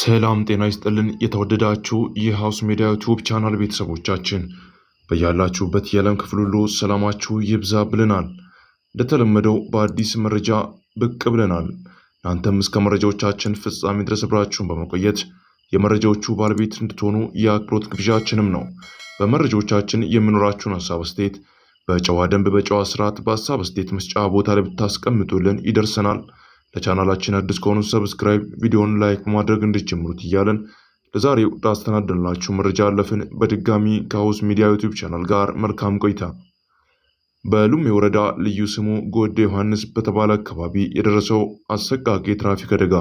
ሰላም ጤና ይስጥልን። የተወደዳችሁ የሀውስ ሚዲያ ዩቲዩብ ቻናል ቤተሰቦቻችን በያላችሁበት የዓለም ክፍል ሁሉ ሰላማችሁ ይብዛ ብለናል። እንደተለመደው በአዲስ መረጃ ብቅ ብለናል። እናንተም እስከ መረጃዎቻችን ፍጻሜ ድረስ ብራችሁን በመቆየት የመረጃዎቹ ባለቤት እንድትሆኑ የአክብሮት ግብዣችንም ነው። በመረጃዎቻችን የሚኖራችሁን ሀሳብ አስተያየት በጨዋ ደንብ በጨዋ ስርዓት በሀሳብ አስተያየት መስጫ ቦታ ላይ ብታስቀምጡልን ይደርሰናል ለቻናላችን አዲስ ከሆኑ ሰብስክራይብ፣ ቪዲዮን ላይክ በማድረግ እንዲጀምሩት እያለን ለዛሬው ላስተናደንላችሁ መረጃ አለፍን። በድጋሚ ከሀውስ ሚዲያ ዩቲዩብ ቻናል ጋር መልካም ቆይታ። በሉሜ ወረዳ ልዩ ስሙ ጎዴ ዮሐንስ በተባለ አካባቢ የደረሰው አሰቃቂ ትራፊክ አደጋ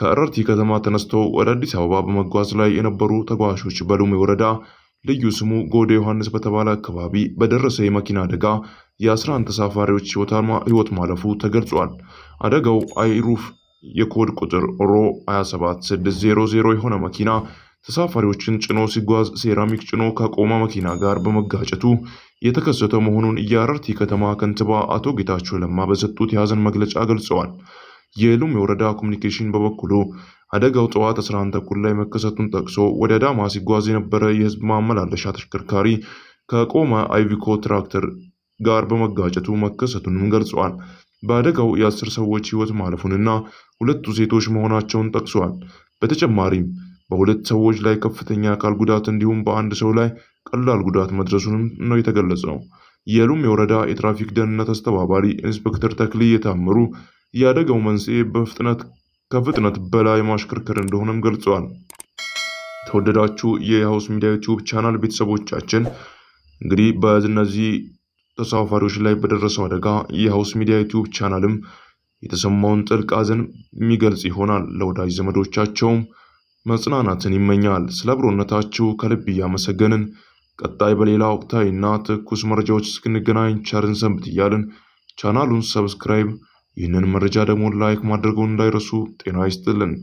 ከእረርቲ ከተማ ተነስቶ ወደ አዲስ አበባ በመጓዝ ላይ የነበሩ ተጓዦች በሉሜ ወረዳ ልዩ ስሙ ጎዴ ዮሐንስ በተባለ አካባቢ በደረሰ የመኪና አደጋ የ11 ተሳፋሪዎች ሕይወት ማለፉ ተገልጿል። አደጋው አይሩፍ የኮድ ቁጥር ሮ 27600 የሆነ መኪና ተሳፋሪዎችን ጭኖ ሲጓዝ ሴራሚክ ጭኖ ከቆመ መኪና ጋር በመጋጨቱ የተከሰተ መሆኑን የአረርቲ ከተማ ከንቲባ አቶ ጌታቸው ለማ በሰጡት የሐዘን መግለጫ ገልጸዋል። የሉም የወረዳ ኮሚኒኬሽን በበኩሉ አደጋው ጠዋት 11 ተኩል ላይ መከሰቱን ጠቅሶ ወደ አዳማ ሲጓዝ የነበረ የህዝብ ማመላለሻ ተሽከርካሪ ከቆመ አይቪኮ ትራክተር ጋር በመጋጨቱ መከሰቱንም ገልጿል። በአደጋው የአስር ሰዎች ህይወት ማለፉንና ሁለቱ ሴቶች መሆናቸውን ጠቅሷል። በተጨማሪም በሁለት ሰዎች ላይ ከፍተኛ አካል ጉዳት እንዲሁም በአንድ ሰው ላይ ቀላል ጉዳት መድረሱንም ነው የተገለጸው። የሉም የወረዳ የትራፊክ ደህንነት አስተባባሪ ኢንስፔክተር ተክሌ የታመሩ። የአደጋው መንስኤ በፍጥነት ከፍጥነት በላይ ማሽከርከር እንደሆነም ገልጿል። ተወደዳችሁ የሀውስ ሚዲያ ዩቲዩብ ቻናል ቤተሰቦቻችን እንግዲህ በእነዚህ ተሳፋሪዎች ላይ በደረሰው አደጋ የሀውስ ሚዲያ ዩቲዩብ ቻናልም የተሰማውን ጥልቅ ሐዘን የሚገልጽ ይሆናል። ለወዳጅ ዘመዶቻቸውም መጽናናትን ይመኛል። ስለ አብሮነታችሁ ከልብ እያመሰገንን ቀጣይ በሌላ ወቅታዊና ትኩስ መረጃዎች እስክንገናኝ ቸርን ሰንብት እያልን ቻናሉን ሰብስክራይብ ይህንን መረጃ ደግሞ ላይክ ማድረገውን እንዳይረሱ። ጤና ይስጥልን።